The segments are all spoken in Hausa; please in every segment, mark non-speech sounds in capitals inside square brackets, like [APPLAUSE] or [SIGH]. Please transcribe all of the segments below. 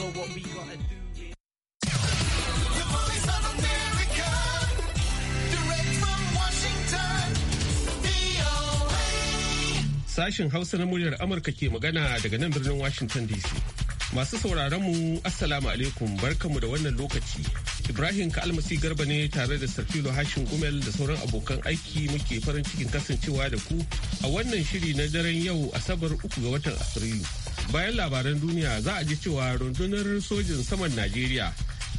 So what we gotta do Sashen Hausa na muryar Amurka ke magana daga nan birnin Washington DC. Masu sauraronmu mu Assalamu alaikum barkamu da wannan lokaci. Ibrahim Kalmasi Garba ne tare da Sarfilo Hashin Gumel da sauran abokan aiki muke farin cikin kasancewa da ku a wannan shiri na daren yau Asabar uku ga watan Afrilu. bayan labaran duniya za a ji cewa rundunar sojin saman najeriya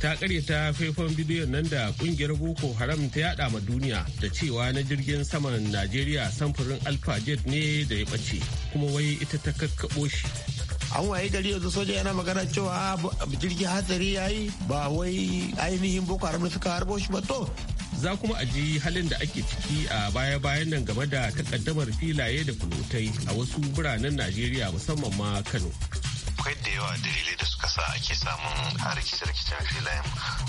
ta karyata faifan bidiyon nan da kungiyar boko haram ta yada ma duniya da cewa na jirgin saman najeriya samfurin alpha jet ne da ya bace kuma wai ita ta kakkaɓo shi an waye gari yanzu soja yana magana cewa jirgin hatsari ya yi ba wai ainihin boko haram da suka harbo shi ba to za kuma a ji halin da ake ciki a baya-bayan nan game da takaddamar filaye da kulotai a wasu biranen najeriya musamman ma kano akwai da yawa dalilai da suka sa ake samun rikice-rikicen filayen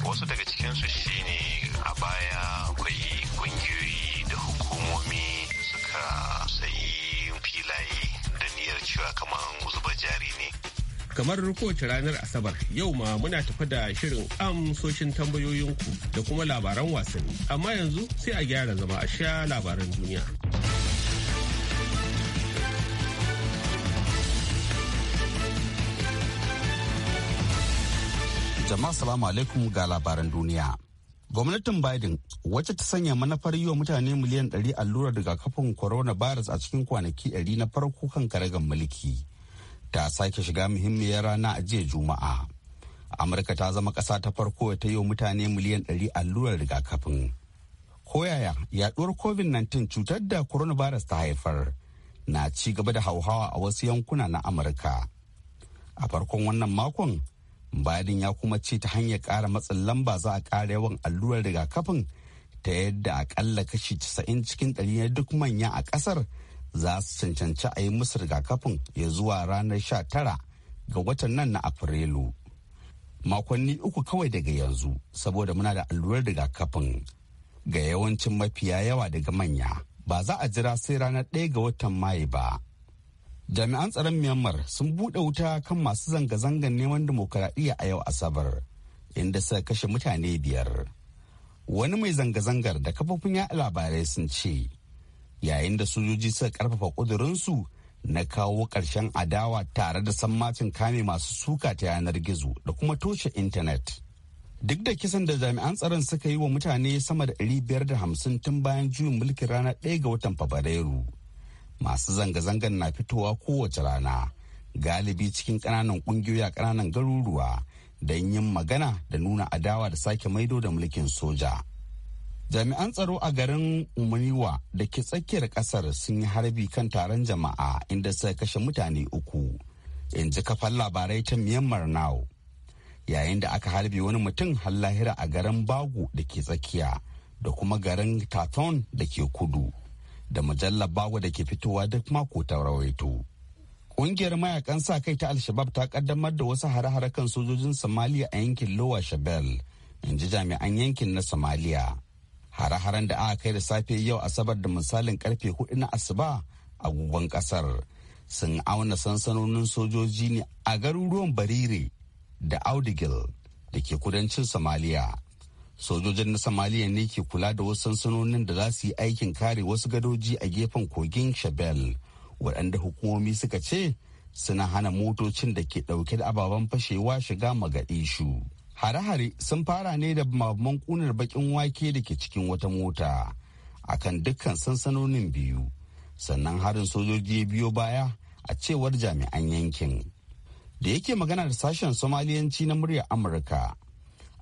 wasu daga cikinsu shine a baya akwai kungiyoyi da hukumomi suka sayi filaye da niyyar cewa kamar zuba jari ne kamar kowace ranar asabar yau ma muna tafi da shirin amsoshin tambayoyinku da kuma labaran wasanni amma yanzu sai a gyara zama a sha labaran duniya jama'a salamu alaikum ga labaran duniya gwamnatin biden wacce ta sanya manufar yi wa mutane miliyan 100 allurar rigakafin coronavirus a cikin kwanaki 100 na farko kan karagan mulki ta sake shiga muhimmiyar rana a jiya juma'a amurka ta zama ƙasa ta farko ta yi wa mutane miliyan 100 allurar rigakafin koyaya yaduwar covid-19 cutar da coronavirus ta haifar na ci gaba da hauhawa a wasu yankuna na amurka a farkon wannan makon biden ya kuma ce ta hanyar ƙara matsin lamba za a ƙara yawan allurar rigakafin ta yadda aƙalla kashi 90 cikin ɗari na duk manya a ƙasar za su cancanci a yi musu rigakafin ya zuwa ranar sha-tara ga watan nan na afrilu makonni uku kawai daga yanzu saboda muna da allurar rigakafin ga yawancin mafiya yawa daga manya ba za a jira sai ranar ɗaya ga watan mayu ba jami'an tsaron myanmar sun buɗe wuta kan masu zanga-zangar neman dimokuraɗiyya a yau asabar inda suka kashe mutane biyar wani mai zanga-zangar da kafofin ya labarai sun ce yayin da sojoji suka karfafa kudurinsu. na kawo ƙarshen adawa tare da sammacin kame masu suka ta yanar gizo da kuma toshe intanet. Duk da kisan da jami'an tsaron suka yi wa mutane sama da biyar da hamsin tun bayan juyin mulkin rana ɗaya ga watan Fabrairu. Masu zanga-zangar na fitowa kowace rana, galibi cikin ƙananan ƙungiyoyi a ƙananan garuruwa don yin magana da nuna adawa da sake maido da mulkin soja. jami'an tsaro a garin umriwa da ke tsakiyar kasar sun yi harbi kan taron jama'a inda suka kashe mutane uku in ji kafar labarai ta myanmar now yayin da aka harbi wani mutum har lahira a garin bagu da ke tsakiya da kuma garin taton da ke kudu da mujallar bagu da ke fitowa duk mako ta rawaito Ƙungiyar mayakan sa kai ta Alshabab ta kaddamar da wasu hare-hare kan sojojin Somalia a yankin Lowa Shabelle, in ji jami'an yankin na Somalia. hare-haren da aka kai da safe yau asabar da misalin karfe hudu na asuba A guguwan kasar sun auna sansanonin sojoji ne a garuruwan barire da audigil da ke kudancin samaliya. sojojin na samaliya ne ke kula da wasu sansanonin da za su yi aikin kare wasu gadoji a gefen kogin shabel waɗanda hukumomi suka ce suna hana motocin da ke ɗauke da ababen fashewa shiga magadishu. hare-hare sun fara ne da mabman kunar bakin wake da ke cikin wata mota akan dukkan sansanonin biyu sannan harin sojoji ya biyo baya a cewar jami'an yankin da yake magana da sashen somaliyanci na muryar amurka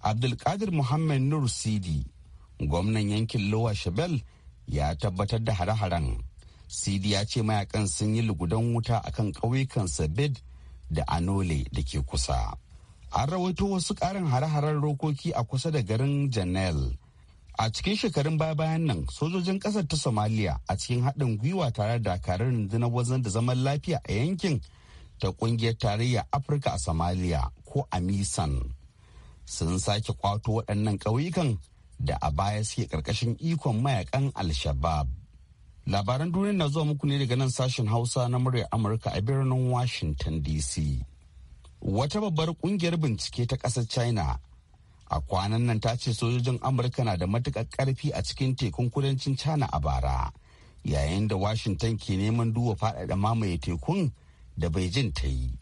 abdulkadir muhammad nur sidi gwamnan yankin lowa shabel ya tabbatar da hare-haren sidi ya ce mayakan sun yi lugudan wuta akan ƙauyukan sabid da anole da ke kusa an rawaito wasu ƙarin hare-haren rokoki a kusa da garin janel a cikin shekarun baya-bayan nan sojojin ƙasar ta Somalia a cikin haɗin gwiwa tare da dakarun rundunar wajen da zaman lafiya a yankin ta ƙungiyar tarayya afirka a somaliya ko amisan sun sake kwato waɗannan ƙauyukan da a baya suke ƙarƙashin ikon mayakan al-shabab labaran duniya na zuwa muku ne daga nan sashen hausa na murya amurka a birnin washington dc wata babbar kungiyar bincike ta ƙasar china a kwanan nan ta ce sojojin amurka na da matukar ƙarfi a cikin tekun kudancin china a bara yayin da washington ke neman duba faɗaɗa mamaye tekun da beijing ta yi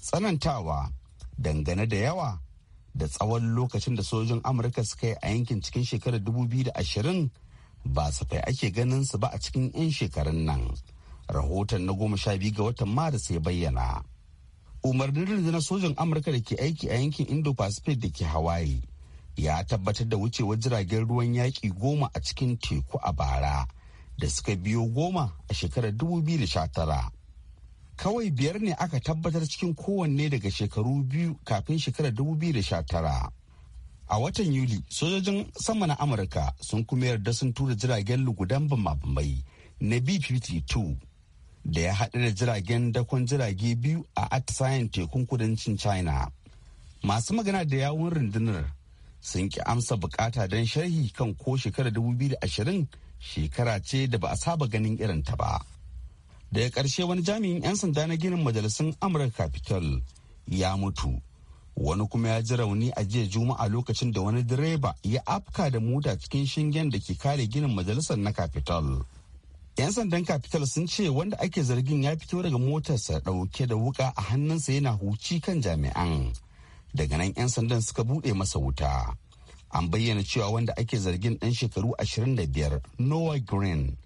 tsanantawa dangane da yawa da tsawon lokacin da sojojin amurka suka yi a yankin cikin shekarar 2020 ba su kai ake ganin su ba a cikin 'yan shekarun nan rahoton na goma sha biyu ga watan maris ya bayyana umarnin rundunar sojan amurka da ke aiki a yankin indo-pacific da ke hawaii ya tabbatar da wucewar jiragen ruwan yaƙi goma a cikin teku a bara da suka biyo goma a shekarar 2019 kawai biyar ne aka tabbatar cikin kowanne daga shekaru biyu kafin shekarar 2019 a watan yuli sojojin sama na amurka sun kuma yarda sun tura jiragen lugudan bambamai na b-52 da ya haɗu da jiragen dakon jirage biyu a atisayen tekun kudancin china masu magana da yawun rundunar sun ki amsa bukata don sharhi kan ko shekarar 2020 shekara ce da ba a saba ganin irin ta ba daga ƙarshe wani jami'in 'yan sanda na ginin majalisun amurka capital ya mutu wani kuma ya ji rauni a jiya juma'a lokacin da wani direba ya afka da mota cikin shingen da ke kare ginin majalisar na capital. 'Yan sandan Capital sun ce wanda ake zargin ya fito daga motarsa dauke da wuka a hannunsa yana huci kan jami'an. Daga nan 'yan sandan suka bude masa wuta. An bayyana cewa wanda ake zargin ɗan shekaru 25 Noah Green.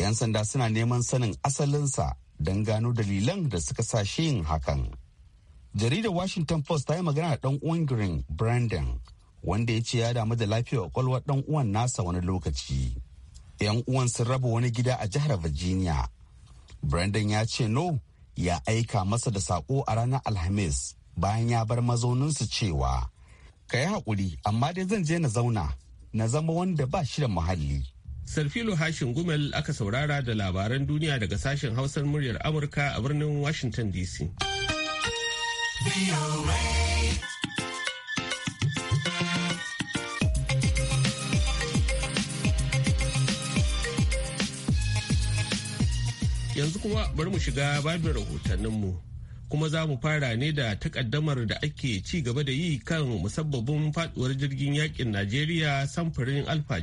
'Yan sanda suna neman sanin asalinsa don gano dalilan da suka sa shi yin hakan. Jaridar Washington Post ta yi magana da ɗan uwan Green, Brandon, wanda ya ce ya damu da lafiyar kwakwalwar ɗan uwan nasa wani lokaci. 'yan uwan sun raba wani gida a jihar virginia brandon ya ce no ya aika masa da sako a ranar alhamis bayan ya bar mazauninsu cewa ka yi haƙuri amma dai zan je na zauna na zama wanda ba shi da muhalli sarfilo hashin gumel aka saurara da labaran duniya daga sashen hausar muryar amurka a birnin washington dc Yanzu kuma bari mu shiga babin rahotanninmu. Kuma za mu fara ne da takaddamar da ake ci gaba da yi kan musabbabin faduwar jirgin yakin Najeriya samfurin Alpha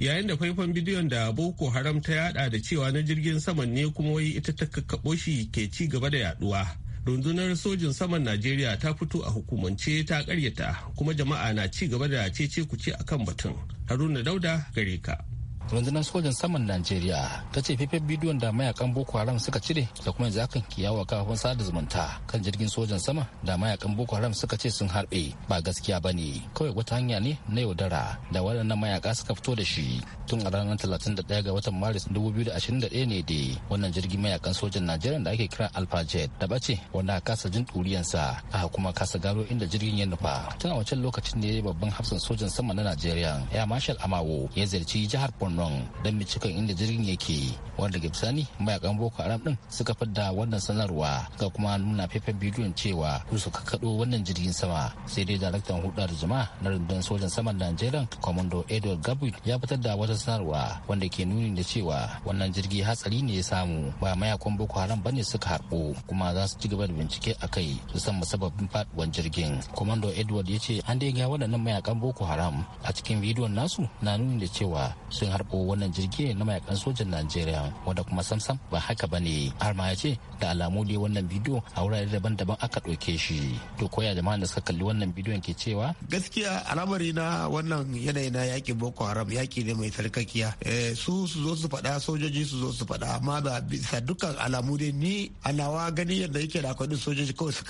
Yayin da faifan bidiyon da Boko Haram ta yada da cewa na jirgin saman ne kuma wai ita ta kakkaɓo shi ke ci gaba da yaduwa. rundunar sojin saman najeriya ta fito a hukumance ta karyata kuma jama'a na ci gaba da cece kuce akan batun haruna dauda gare ka rundunar sojan saman najeriya ta ce faifan bidiyon da mayakan boko haram suka cire da kuma yanzu kiyawa kafin sada zumunta kan jirgin sojan sama da mayakan boko haram suka ce sun harbe ba gaskiya ba ne kawai wata hanya ne na yaudara da waɗannan mayaka suka fito da shi tun a ranar 31 ga watan maris 2021 ne dai wannan jirgin mayakan sojan najeriya da ake kira alfajet da bace wanda a kasa jin turiyansa aka kuma kasa gano inda jirgin ya nufa tun a wancan lokacin ne babban hafsan sojan sama na najeriya ya marshal amawo ya ziyarci jihar borno borno don binciken inda jirgin yake wanda Gibsani mayakan boko haram din suka fadda wannan sanarwa ga kuma nuna faifan bidiyon cewa su suka kaɗo wannan jirgin sama sai dai daraktan hudar jama'a na rundun sojan saman najeriya commando edward gabriel ya fitar da wata sanarwa wanda ke nuni da cewa wannan jirgi hatsari ne ya samu ba mayakan boko haram bane suka harbo kuma za su ci gaba da bincike a kai su san musabbabin faduwar jirgin commando edward ya ce an dai ga waɗannan mayakan boko haram a cikin bidiyon nasu na nuni da cewa sun har karbo wannan jirgi na mayakan sojan najeriya wanda kuma samsam ba haka ba ne har ma yace da alamu dai wannan bidiyo a wurare daban-daban aka ɗauke shi to koya jama'an da suka kalli wannan bidiyon ke cewa gaskiya al'amari na wannan yanayi na yakin boko haram yaƙi ne mai sarkakiya eh, su su zo su faɗa sojoji su zo su faɗa amma ba bisa dukkan alamu dai ni alawa gani yadda yake da kwadin sojoji kawai su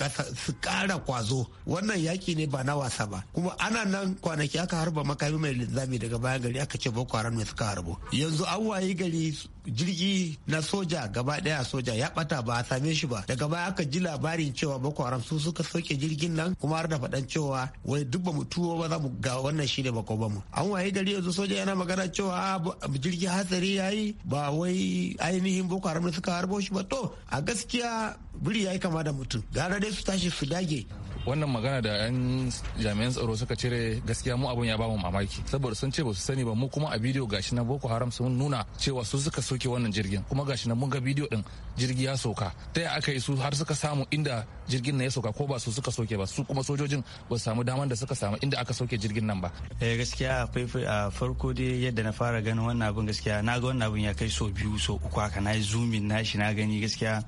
kara kwazo wannan yaki ne ba na wasa ba kuma ana nan kwanaki aka harba makami mai linzami daga bayan gari aka ce boko haram ne suka harbo yanzu an waye gari jirgi na soja gaba daya soja ya bata ba a same shi ba daga baya aka ji labarin cewa boko haram su suka soke jirgin nan kuma har da faɗan cewa wai duk ba mu tuwo ba za mu ga wannan shine ba ko ba mu an waye gari yanzu soja yana magana cewa ah, jirgi hatsari yayi ba wai ainihin boko haram suka harbo shi ba to a gaskiya biri yayi kama da mutum gara dai su tashi su dage wannan magana da yan jami'an tsaro suka cire gaskiya mu abun ya bamu mamaki saboda sun ce ba su sani ba mu kuma a bidiyo gashi na boko haram sun nuna cewa su suka soke wannan jirgin kuma gashi na mun ga bidiyo din jirgi ya sauka ta yi aka yi su har suka samu inda jirgin na ya sauka ko ba su suka soke ba su kuma sojojin ba samu damar da suka samu inda aka soke jirgin nan ba eh gaskiya a farko dai yadda na fara ganin wannan abin gaskiya na ga wannan abin ya kai so biyu so uku haka na yi zoomin na shi na gani gaskiya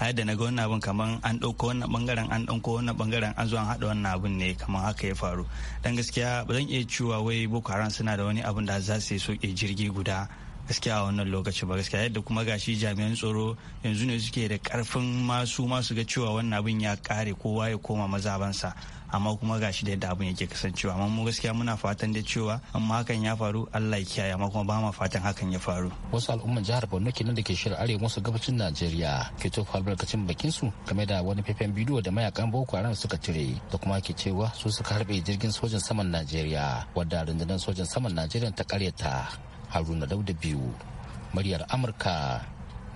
a yadda na ga wannan abin kamar an ɗauko wannan bangaren an ɗauko wannan bangaren an zo an haɗa wannan abin ne kaman haka ya faru dan gaskiya ba zan iya cewa wai boko haram suna da wani abun da za su yi soke jirgi guda gaskiya a wannan lokaci ba gaskiya yadda kuma gashi jami'an tsoro yanzu ne suke da karfin masu masu ga cewa wannan abin ya kare kowa ya koma mazabansa amma kuma gashi da yadda abin yake kasancewa amma mu gaskiya muna fatan da cewa amma hakan ya faru Allah ya kiyaye amma kuma ba mu fatan hakan ya faru wasu al'umman jihar Borno kenan da ke shirin arewa musu gabacin Najeriya ke to albarkacin bakin su game da wani fefen bidiyo da mayakan Boko Haram suka cire da kuma ke cewa su suka harbe jirgin sojan saman Najeriya wadda rundunar sojan saman Najeriya ta karyata haruna dauda biyu muryar amurka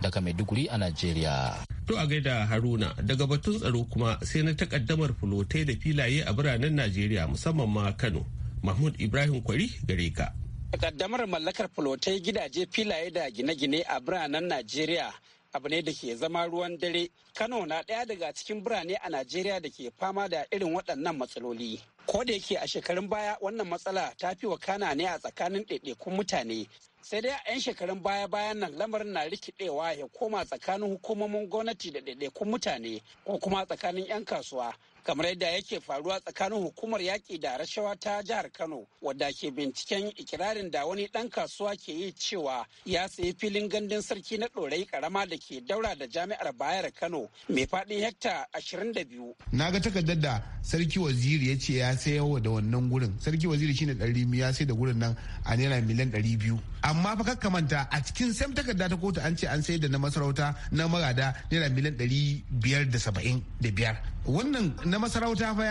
daga maiduguri a najeriya to a gaida haruna daga batun tsaro kuma sai na takaddamar fulotai da filaye a biranen najeriya musamman ma kano mahmud ibrahim kwari gare ka takaddamar mallakar fulotai gidaje filaye da gine-gine a biranen najeriya abu ne da ke zama ruwan dare kano na ɗaya daga cikin birane a najeriya da ke fama da irin waɗannan matsaloli ko da yake a shekarun baya wannan matsala ta fi wakana ne a tsakanin ɗaiɗaikun mutane sai dai a 'yan shekarun baya bayan nan lamarin na rikidewa ya koma tsakanin hukumomin gwamnati da ɗaiɗaikun mutane ko kuma tsakanin 'yan kasuwa kamar yadda yake faruwa tsakanin hukumar yaƙi da rashawa ta jihar kano wadda ke binciken ikirarin da wani ɗan kasuwa ke yi cewa ya sayi filin gandun sarki na ɗorai karama da ke daura da jami'ar bayar kano mai faɗin hekta ashirin 22 na ga takardar da sarki waziri ya ce ya sayawa da wannan gurin sarki waziri shine ɗari ya sai da gurin nan a naira miliyan ɗari biyu. amma fa kakka manta a cikin sam takarda ta kotu an ce an sayar da na masarauta na magada naira miliyan ɗari biyar da saba'in da biyar wannan na masarauta fa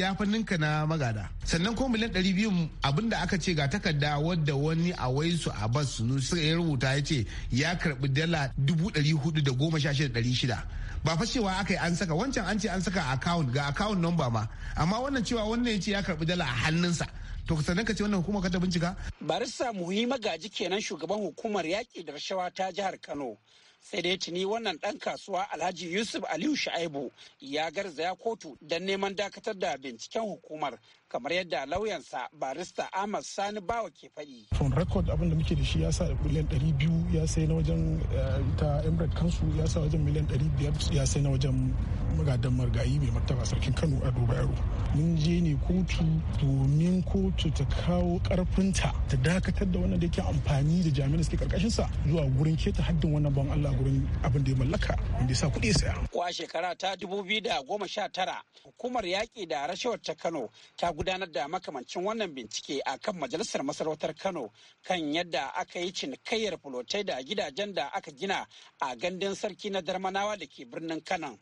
ya fa ninka na magada sannan ko miliyan ɗari biyu abinda aka ce ga takarda wadda wani a waisu a bas suka ya rubuta ya ce ya karɓi dala dubu ɗari hudu da goma sha shida ɗari shida ba fa cewa aka yi an saka wancan an ce an saka account ga akawun number ma amma wannan cewa wannan ya ce ya karɓi dala a hannunsa to sannan ka ce wannan hukumar ka ta bincika barista Muhimma Gaji kenan shugaban hukumar yaƙi da rashawa ta jihar kano sai dai tuni wannan ɗan kasuwa alhaji yusuf aliyu sha'ibu ya garzaya kotu don neman dakatar da binciken hukumar kamar yadda lauyansa barista Ahmad Sani Bawa ke faɗi. From record abin da muke da shi ya sa miliyan ɗari biyu ya sai na wajen eh, ta Emirat kansu ya sa wajen miliyan ɗari biyar ya sai na wajen magadan margayi mai martaba sarkin Kano a Dubai Yaro. Mun je ne kotu domin kotu ta kawo ƙarfinta ta dakatar da wannan da yake amfani da jami'an da suke sa zuwa gurin keta haddin wannan ban Allah gurin abin da ya mallaka wanda ya sa kuɗi saya. Kwa shekara ta dubu biyu da goma sha tara hukumar yaƙi da rashawar ta Kano ta gudanar da makamancin wannan bincike a kan majalisar masarautar kano kan yadda aka yi cinikayyar fulotai da gidajen da aka gina a gandun sarki na darmanawa da ke birnin kanan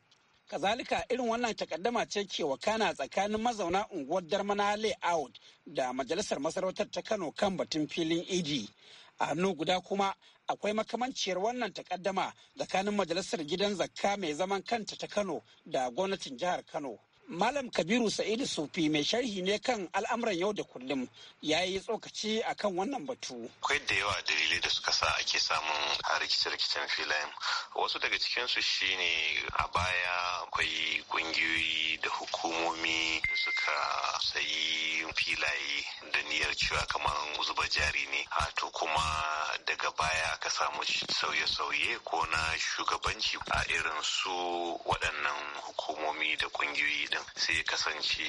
kazalika irin wannan takaddama ce ke wakana tsakanin mazauna unguwar darmana layout da majalisar masarautar ta kano kan batun filin idi a hannu guda kuma akwai makamanciyar wannan takaddama tsakanin majalisar gidan zakka mai zaman kanta ta kano da gwamnatin jihar kano Malam Kabiru Sa'idu Sufi mai sharhi ne kan al'amuran yau da kullum ya yi tsokaci a kan wannan batu. Akwai da yawa dalilai da suka sa ake samun rikice-rikicen filayen. Wasu daga cikinsu shine a baya akwai ƙungiyoyi da hukumomi da suka sayi filaye da niyyar cewa kamar zuba jari ne. to kuma daga baya aka samu sauye-sauye ko na shugabanci a irin su waɗannan hukumomi da ƙungiyoyi din sai ya kasance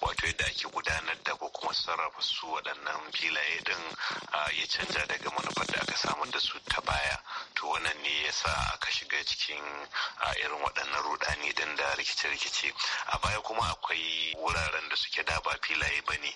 wato yadda ake gudanar da ko kuma sarrafa su waɗannan filaye din ya canja daga manufar da aka samar da su ta baya to wannan ne ya sa aka shiga cikin irin waɗannan rudani din da rikice-rikice a baya kuma akwai wuraren da suke da ba filaye ba ne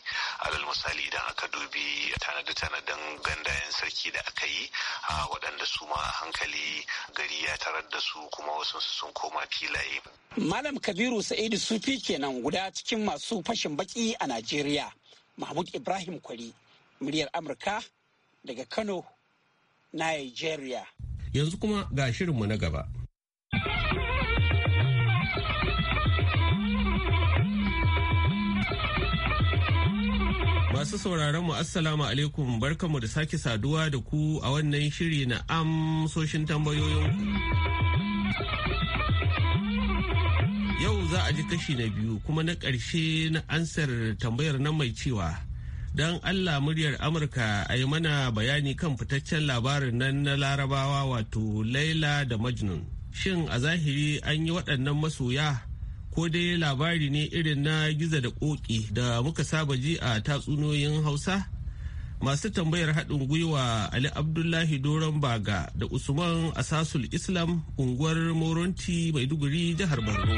alal misali idan aka dubi tanade tanadin gandayen sarki da aka yi a waɗanda su ma hankali gari ya tarar da su kuma wasu sun koma filaye. Malam Kabiru Sa'idu su sufi kenan guda cikin masu fashin baki a najeriya mahmud ibrahim kwari muryar amurka daga kano nigeria yanzu kuma ga shirinmu na gaba Masu sauraron mu Assalamu alaikum barkanmu da sake saduwa da ku a wannan shiri na amsoshin tambayoyinku. za a ji kashi na biyu kuma na ƙarshe na ansar tambayar nan mai cewa don Allah muryar Amurka a yi mana bayani kan fitaccen labarin nan na larabawa wato Laila da Majnun. Shin a zahiri an yi waɗannan masoya ko dai labari ne irin na giza da ƙoƙi da muka saba ji a tatsuniyoyin Hausa? Masu tambayar haɗin gwiwa Ali Abdullahi Doron Baga da Usman Asasul Islam unguwar Moronti Maiduguri jihar Borno.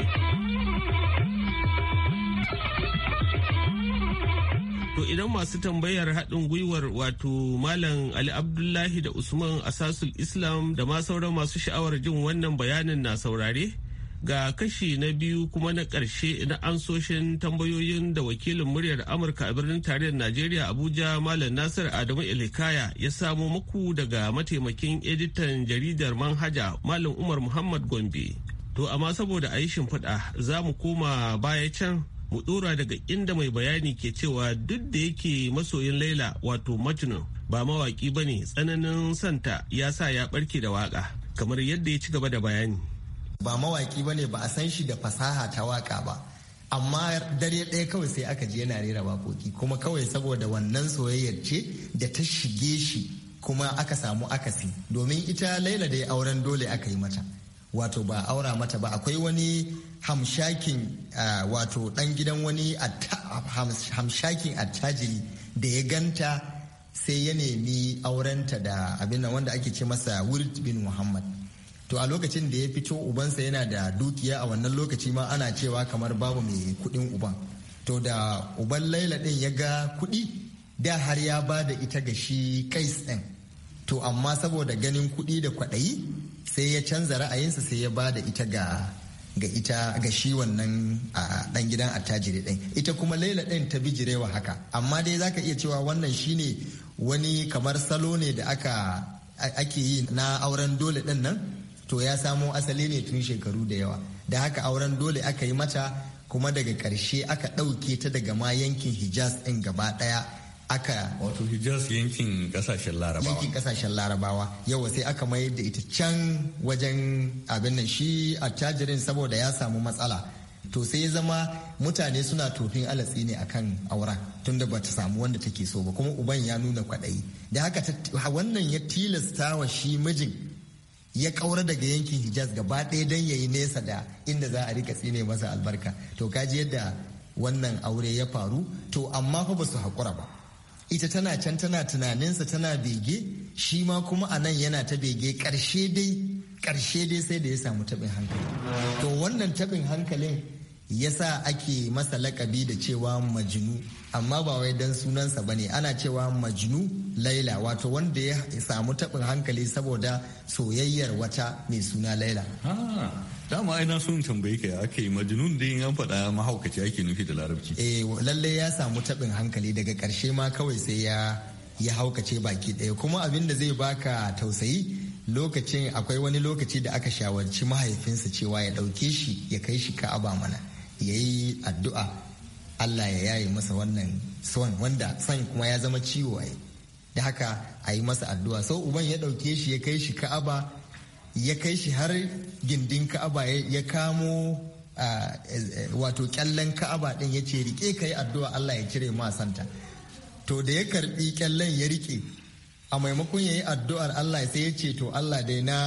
To idan masu tambayar haɗin gwiwar wato Malam Ali Abdullahi da Usman Asasul Islam da ma sauran masu sha'awar jin wannan bayanin na saurare ga kashi na biyu kuma na ƙarshe na ansoshin tambayoyin da wakilin muryar Amurka a birnin tarayyar Najeriya Abuja Malam Nasir Adamu Ilikaya ya samo muku daga mataimakin editan jaridar Manhaja Malam Umar Muhammad Gombe. To amma saboda a yi shimfiɗa za mu koma baya can mu dora daga inda mai bayani ke cewa duk da yake masoyin laila wato majnun ba mawaki ba ne tsananin santa ya sa ya barke da waka kamar yadda ya ci gaba da bayani ba mawaki ba ne ba a san shi da fasaha ta waka ba amma dare ɗaya kawai sai aka je yana rera waƙoƙi kuma kawai saboda wannan soyayyar ce da ta shige shi kuma aka samu akasi domin ita laila da ya auren dole aka yi mata wato ba aura mata ba akwai wani hamshakin wato dan gidan wani hamshakin attajiri da ya ganta sai ya nemi aurenta da abin nan wanda ake ce masa wirt bin muhammad to a lokacin da ya fito ubansa yana da dukiya a wannan lokaci ma ana cewa kamar babu mai kudin uban to da uban laila din ya ga kudi da har ya ba da ita ga shi kais din to amma saboda ganin kuɗi da kwaɗayi sai ya canza ra'ayinsa sai ya ba da ita ga ga ita ga shi wannan ɗan gidan attajiri ɗin ita kuma laila ɗin ta bijirewa haka amma dai za ka iya cewa wannan shine wani kamar salo ne da aka ake yi na auren dole din nan to ya samo asali ne tun shekaru da yawa da haka auren dole aka yi mata kuma daga ƙarshe aka ɗauke ta daga ma yankin hijaz ɗin gaba ɗaya aka wato hijaz yankin kasashen larabawa yankin kasashen larabawa Yau sai aka mayar da ita can wajen abin nan shi a tajirin saboda ya samu matsala to sai zama mutane suna tofin alatsi ne akan auren. tunda ba ta samu wanda take so ba kuma uban ya nuna kwaɗayi da haka wannan ya tilasta wa shi mijin ya kaura daga yankin hijaz gaba ɗaya don ya yi nesa da inda za a rika tsine masa albarka to kaji yadda wannan aure ya faru to amma fa ba su haƙura ba ita tana can tana tunaninsa tana bege shi ma kuma a nan yana ta bege ƙarshe dai ƙarshe dai sai da ya samu taɓin hankali to wannan taɓin hankalin yasa ake masa lakabi da cewa majinu amma ba wai dan sunansa bane ana cewa majinu laila wato wanda ya samu taɓin hankali saboda soyayyar wata mai suna laila ah, dama aina sun tambayi ka ake majinun da yin faɗa mahaukaci ake nufi da larabci eh lalle ya samu taɓin hankali daga ƙarshe ma kawai sai ya ya haukace baki ɗaya kuma abin da zai baka tausayi lokacin akwai wani lokaci da aka shawarci mahaifinsa cewa ya ɗauke shi ya kai shi ka'aba mana ya yi addu'a Allah ya yaye masa wannan son wanda son kuma ya zama ciwo ai da haka a yi masa addu'a sau uban ya ɗauke shi ya kai shi ka'aba ya kai shi har gindin ka'aba ya kamo eh, eh, wato kyallen ka'aba ɗin ya ce rike ka yi addu'a Allah ya cire ma santa to da ya karbi kyallen ya rike a maimakon ya yi addu'ar Allah sai ya ce to Allah dai na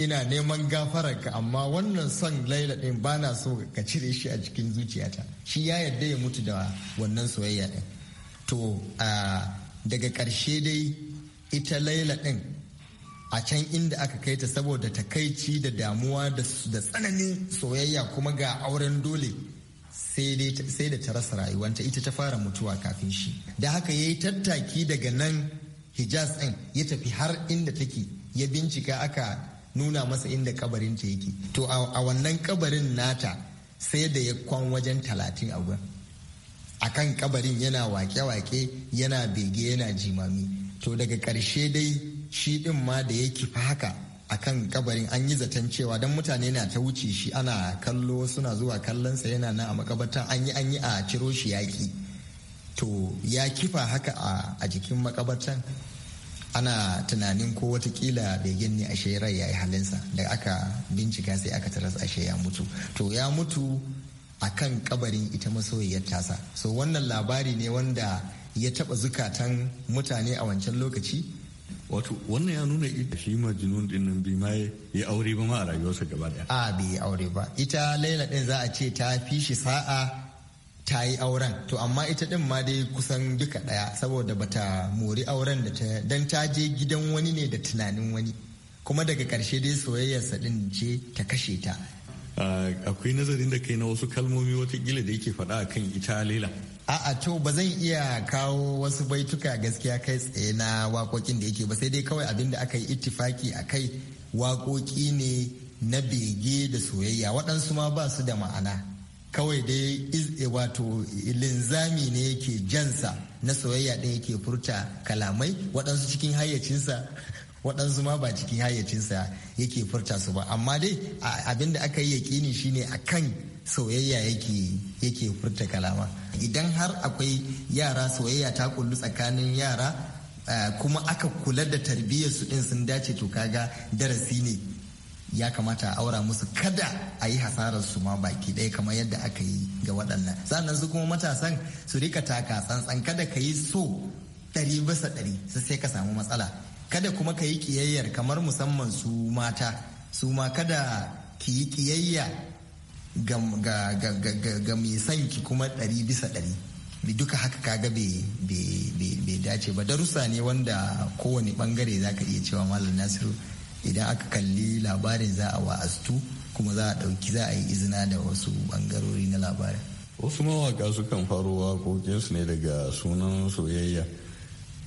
ina neman gafararka amma wannan son laila ɗin ba na so ka cire shi a cikin zuciyata shi ya yarda ya mutu da wannan soyayya ɗin to daga ƙarshe dai ita laila ɗin a can inda aka kai ta saboda takaici da damuwa da tsananin soyayya kuma ga auren dole sai da ta rasa rayuwanta ita ta fara mutuwa kafin shi da haka ya yi tattaki daga nan hijaz ɗin ya tafi har inda take ya bincika aka nuna masa inda kabarin ta yake to a wannan kabarin nata sai da ya kwan wajen talatin a akan a kan kabarin yana wake-wake yana bege yana jimami to daga karshe dai shi din ma da ya kifa haka a kan kabarin an yi zaton cewa don mutane na ta wuce shi ana kallo suna zuwa kallonsa yana nan a makabarta an yi an yi a ciro shi yaƙi to ya kifa haka a jikin makabartan ana tunanin ko watakila begen ne ashe rai ya yi halinsa da aka bincika sai aka taras ashe ya mutu to ya mutu a kan kabarin ita masoyiyar tasa so wannan labari ne wanda ya taba zukatan mutane a wancan lokaci wato wannan ya nuna ita shi majinun dinnan bi ma ya aure ba ma a rayuwarsa gaba daya a bai aure ba ita laila din za a ce ta fi shi sa'a ta yi auren to amma ita din ma dai kusan duka daya saboda bata mori auren da ta dan ta je gidan wani ne da tunanin wani kuma daga karshe dai soyayyarsa din ce ta kashe ta akwai nazarin da kai na wasu kalmomi wata gila da yake faɗa kan ita lela a'a to ba zan iya kawo wasu baituka gaskiya kai tsaye na waƙoƙin da yake ba sai dai kawai abin da aka yi ittifaki a kai waƙoƙi ne na bege da soyayya waɗansu ma ba su da ma'ana kawai dai eh, wato eh, linzami ne yake jansa na soyayya ɗin yake furta kalamai waɗansu cikin hayyacinsa [LAUGHS] waɗansu ma ba cikin hayyacinsa yake furta su ba amma dai abin da aka yi yaƙini shine a kan soyayya yake furta kalama idan har akwai yara soyayya ta kullu tsakanin yara eh, kuma aka kula da tarbiyyar ɗin sun dace to kaga darasi ne ya kamata a aura musu kada a yi hasarar su ma baki ɗaya kamar yadda aka yi ga waɗannan sannan su kuma matasan su rika taka tsantsan kada ka yi so ɗari bisa ɗari sai ka samu matsala kada kuma ka yi ƙiyayyar kamar musamman su mata su ma kada ki yi ƙiyayya ga, ga, mai son ki kuma ɗari bisa ɗari duka haka kaga bai dace ba darussa ne wanda kowane bangare za ka iya cewa malam nasiru idan aka kalli labarin za a wa'astu kuma za a ɗauki za a yi izina da wasu bangarori na labarin wasu mawaƙa sukan faro waƙoƙinsu ne daga sunan soyayya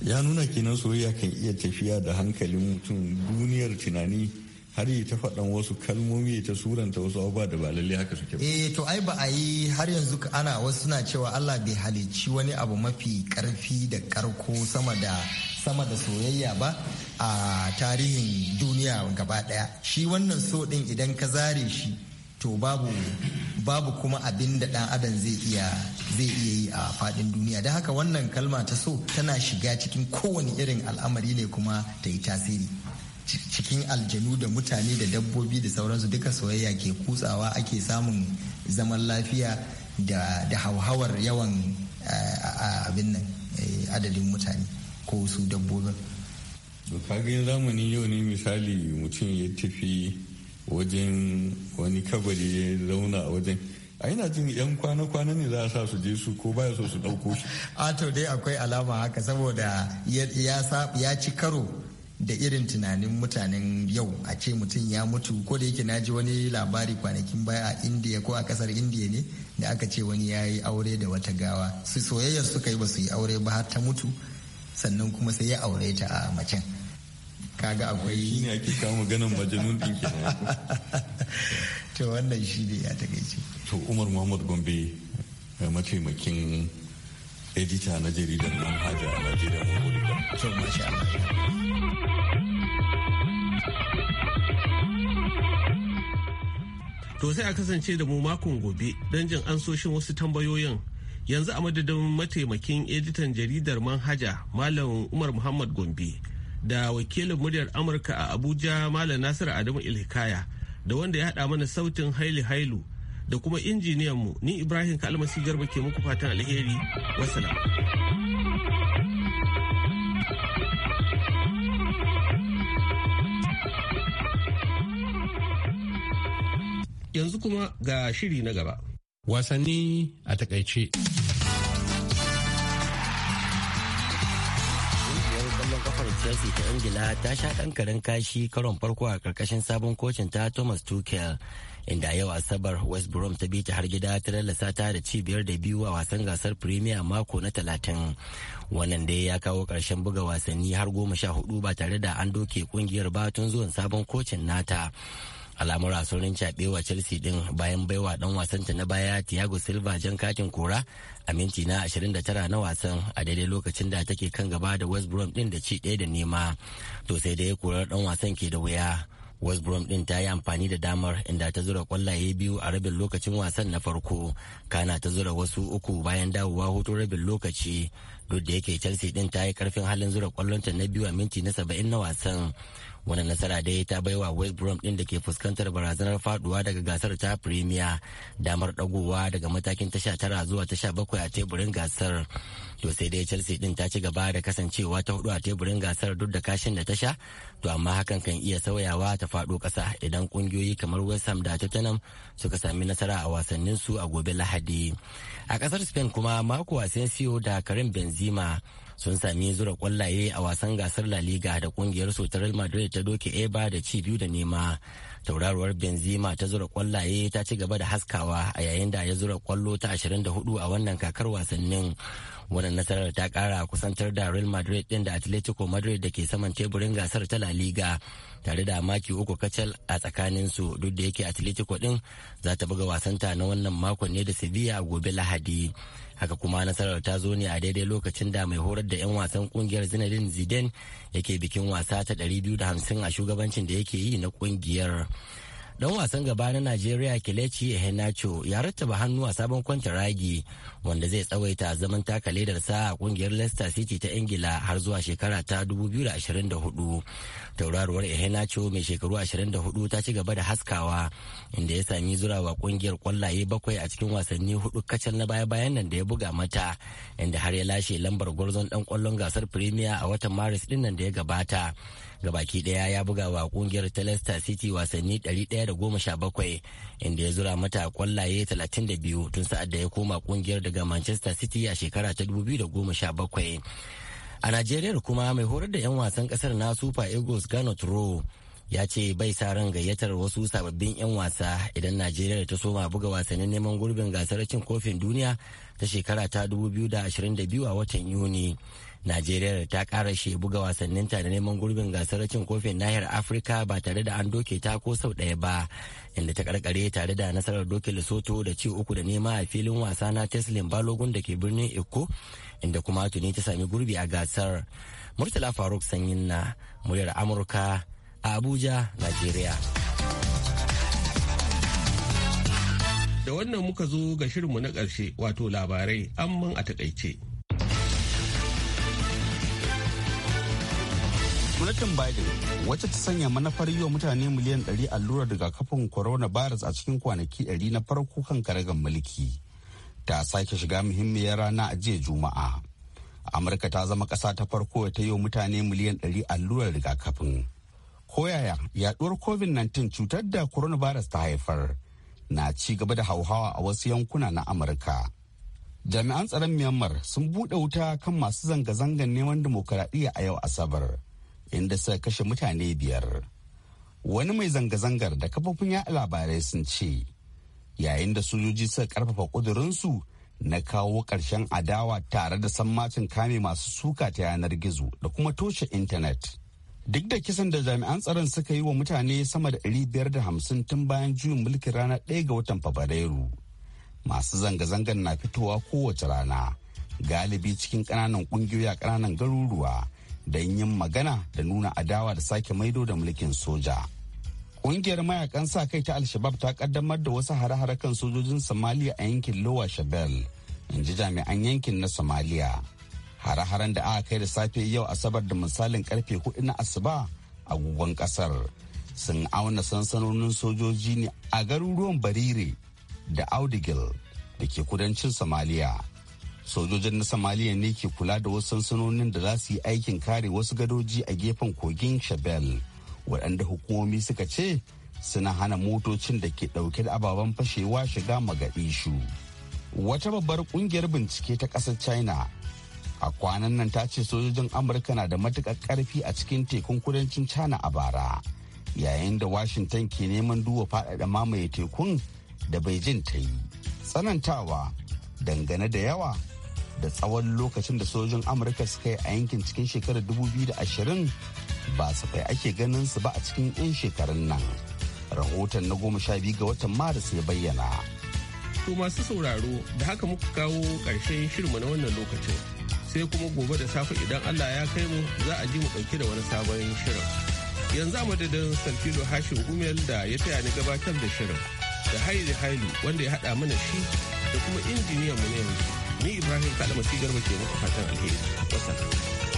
ya nuna kenan soyayya kan iya tafiya da hankalin mutum duniyar tunani har yi ta faɗan wasu kalmomi ta suranta wasu abubuwa da ba lalle haka suke ba. Eh, to ai ba a yi har yanzu ana wasu suna cewa Allah bai halicci wani abu mafi karfi da karko sama da sama da soyayya ba a tarihin duniya gaba ɗaya. Shi wannan so ɗin idan ka zare shi to babu babu kuma abin da ɗan adam zai iya zai iya yi a faɗin duniya da haka wannan kalma ta so tana shiga cikin kowane irin al'amari ne kuma ta yi tasiri. cikin aljanu da mutane da dabbobi da sauransu duka soyayya ke kutsawa ake samun zaman lafiya da hauhawar yawan eh, abin nan eh, adadin mutane ko su dabbobin. kagin zamani yau ne misali mutum ya tafi wajen wani kabari ya zauna a wajen a yana jin yan kwana-kwana ne za a sa su je su ko baya so su dauko shi [LAUGHS] a to dai akwai alama haka saboda ya ci karo da irin tunanin mutanen yau a ce mutum ya mutu ko da yake na ji wani labari kwanakin baya a indiya ko a kasar indiya ne da aka ce wani ya yi aure da wata gawa su soyayyar suka yi ba su yi aure ba har ta mutu sannan kuma sai ya aure ta a macen kaga akwai shi ne ake kawo maganan majanun din ke [LAUGHS] to wannan shi ne ya takaice to umar muhammad gombe mataimakin edita na jaridar manhaja a najeriya mu to To sai a kasance da mu makon gobe don jin ansoshin wasu tambayoyin. Yanzu a madadin mataimakin editan jaridar Manhaja Malam Umar Muhammad Gombe da wakilin muryar Amurka a Abuja Malam Nasiru Adamu Ilhikaya da wanda ya haɗa mana sautin Haili Hailu da kuma injiniyanmu ni Ibrahim Kalmasi Garba ke muku fatan alheri. Wasalam. Yanzu kuma ga shiri na gaba. Wasanni a takaice. chelsea ta ingila ta sha karen kashi karon farko a karkashin sabon kocin ta thomas tuchel inda yau asabar west brom ta bi ta har gida ta lallasa ta da biyar da biyu a wasan gasar premier mako na talatin wannan dai ya kawo karshen buga wasanni har goma sha hudu ba tare da an doke ƙungiyar ba tun zuwan sabon kocin nata al'amura a rinca wa chelsea din bayan baiwa dan wasanta na baya thiago silva jan katin kora a minti na 29 na wasan a daidai lokacin da take kan gaba da west brom din da ci ɗaya da nema to sai ya korar dan wasan ke da wuya West Brom din ta yi amfani da damar inda ta zura kwallaye biyu a rabin lokacin wasan na farko. Kana ta zura wasu uku bayan dawowa hutu rabin lokaci. Duk da yake Chelsea din ta yi karfin halin zura kwallonta na biyu a minti na saba'in na wasan. wani nasara dai ta bai wa west brom din da ke fuskantar barazanar faduwa daga gasar ta premier damar dagowa daga matakin ta tara zuwa tasha bakwai a teburin gasar to sai dai chelsea din ta ci gaba da kasancewa ta hudu a teburin gasar duk da kashin da tasha to amma hakan kan iya sauyawa ta fado kasa idan kungiyoyi kamar west ham da tottenham suka sami nasara a wasannin su a gobe lahadi a kasar spain kuma marco siyo da karim benzema sun sami zura kwallaye a wasan gasar La Liga da kungiyar su ta Real Madrid ta doke Eba da ci biyu da nema. Tauraruwar Benzema ta zura kwallaye ta ci gaba da haskawa a yayin da ya zura kwallo ta 24 a wannan kakar wasannin. Wannan nasarar ta kara kusantar da Real Madrid din da Atletico Madrid da ke saman teburin gasar ta La Liga tare da maki uku kacal a tsakanin su duk da yake Atletico din za ta buga wasanta na wannan makon ne da Sevilla gobe Lahadi. haka kuma nasarar ta zo ne a daidai lokacin da mai horar da 'yan wasan kungiyar zinedine zidane yake bikin wasa ta 250 a shugabancin da yake yi na kungiyar dan wasan gaba na najeriya kelechi ehenacho ya rattaba hannu a sabon ragi wanda zai tsawaita zaman taka ledarsa a kungiyar leicester city ta ingila har zuwa shekara ta 2024 tauraruwar ehenacho mai shekaru 24 ta ci gaba da haskawa inda ya sami zurawa kungiyar kwallaye bakwai a cikin wasanni hudu kacal na baya-bayan nan da ya buga mata inda har ya lashe lambar gwarzon dan kwallon gasar premier a watan maris din nan da ya gabata gabaki daya ya buga wa kungiyar ta leicester city wasanni 117 inda ya zura mata kwallaye 32 tun sa'ad da ya koma kungiyar da daga Manchester City a shekara ta 2017. A Najeriya kuma mai horar da 'yan wasan kasar na Super Eagles Garnet Rowe ya ce bai sa ran gayyatar wasu sababbin 'yan wasa idan najeriya ta soma buga wasannin neman gurbin gasar cin kofin duniya ta shekara ta 2022 a watan yuni najeriya ta kara shi buga wasannin ta da neman gurbin gasar cin kofin nahiyar afirka ba tare da an doke ta ko sau ɗaya ba inda ta karkare tare da nasarar doke lesotho da ci uku da nema a filin wasa na teslin balogun da ke birnin eko inda kuma tuni ta sami gurbi a gasar murtala faruk sanyin na muryar amurka a abuja najeriya da wannan muka zo ga shirinmu na ƙarshe wato labarai amman a takaice. gwamnatin biden wacce ta sanya manufar yi wa mutane miliyan 100 allurar rigakafin coronavirus a cikin kwanaki 100 na farko kan karagar mulki ta sake shiga muhimmiyar rana a jiya juma'a amurka ta zama ƙasa ta farko ta yi wa mutane miliyan 100 allurar rigakafin koyaya yaduwar covid-19 cutar da coronavirus ta haifar na ci gaba da hauhawa a wasu yankuna na amurka jami'an tsaron myanmar sun buɗe wuta kan masu zanga-zangar neman dimokuraɗiyya a yau asabar inda suka kashe mutane biyar wani mai zanga-zangar da kafofin ya labarai sun ce yayin da sojoji suka karfafa kudurinsu na kawo ƙarshen adawa tare da sammacin kame masu suka ta yanar gizo da kuma toshe intanet duk da kisan da jami'an tsaron suka yi wa mutane sama da hamsin tun bayan juyin mulkin rana ɗaya ga watan fabrairu masu zanga-zangar na fitowa kowace rana galibi cikin ƙananan ƙungiyoyi a ƙananan garuruwa don yin magana da nuna adawa da sake maido da mulkin soja. Ƙungiyar mayakan sa kai ta Alshabab ta kaddamar da wasu hare-hare kan sojojin Somalia a yankin Lower Shabelle, in ji jami'an yankin na Somalia. Hare-haren da aka kai da safe yau Asabar da misalin karfe hudu na Asuba a gugun kasar sun auna sansanonin sojoji ne a garuruwan Barire da Audigil da ke kudancin Somalia. sojojin na somaliya ne ke kula da wasu sansanonin da za su yi aikin kare wasu gadoji a gefen kogin shabel waɗanda hukumomi suka ce suna hana motocin da ke ɗauke da ababen fashewa shiga magadishu wata babbar ƙungiyar bincike ta ƙasar china a kwanan nan ta ce sojojin amurka na da matukar ƙarfi a cikin tekun kudancin china a bara yayin da washington ke neman duba faɗaɗa mamaye tekun da beijing ta yi tsanantawa dangane da yawa da tsawon lokacin da sojojin amurka suka yi a yankin cikin shekarar 2020 ba safai ake ganin su ba a cikin 'yan shekarun nan rahoton na goma sha biyu ga watan maris ya bayyana to masu sauraro da haka muka kawo ƙarshen shirma na wannan lokacin sai kuma gobe da safe idan allah ya kai mu za a ji mu ɗauke da wani sabon shirin yanzu a madadin salfilo hashin gumel da ya taya ni gabatar da shirin da haili hailu wanda ya haɗa mana shi da kuma injiniyan mu na yanzu ni ibrahim kalama garba ke muku fatan alheri wasan